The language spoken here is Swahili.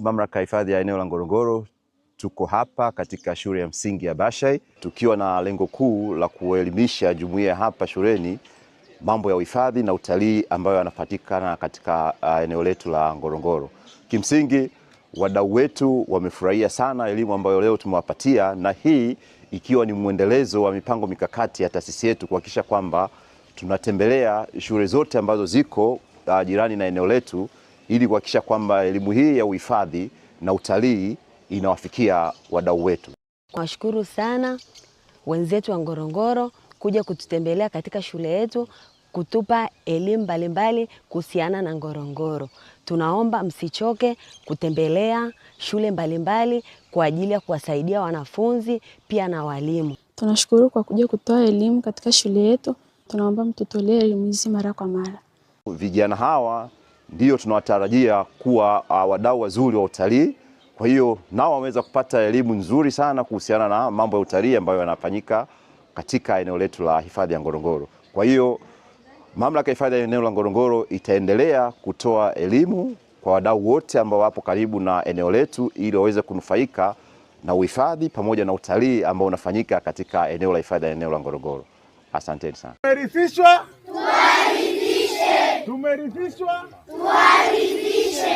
mamlaka ya hifadhi ya eneo la Ngorongoro tuko hapa katika shule ya msingi ya Bashai tukiwa na lengo kuu la kuelimisha jumuiya hapa shuleni mambo ya uhifadhi na utalii ambayo yanapatikana katika uh, eneo letu la Ngorongoro. Kimsingi wadau wetu wamefurahia sana elimu ambayo leo tumewapatia, na hii ikiwa ni mwendelezo wa mipango mikakati ya taasisi yetu kuhakikisha kwamba tunatembelea shule zote ambazo ziko uh, jirani na eneo letu ili kuhakikisha kwamba elimu hii ya uhifadhi na utalii inawafikia wadau wetu. nawashukuru sana wenzetu wa Ngorongoro kuja kututembelea katika shule yetu kutupa elimu mbalimbali kuhusiana na Ngorongoro. Tunaomba msichoke kutembelea shule mbalimbali mbali kwa ajili ya kuwasaidia wanafunzi pia na walimu. Tunashukuru kwa kuja kutoa elimu katika shule yetu. Tunaomba mtutolee elimu hizi mara kwa mara. Vijana hawa ndiyo tunawatarajia kuwa uh, wadau wazuri wa utalii. Kwa hiyo nao wameweza kupata elimu nzuri sana kuhusiana na mambo ya utalii ambayo yanafanyika katika eneo letu la hifadhi ya Ngorongoro. Kwa hiyo mamlaka ya hifadhi ya eneo la Ngorongoro itaendelea kutoa elimu kwa wadau wote ambao wapo karibu na eneo letu ili waweze kunufaika na uhifadhi pamoja na utalii ambao unafanyika katika eneo la hifadhi ya eneo la Ngorongoro. Asanteni sana. Tumerithishwa Tumerithishwa tuwarithishe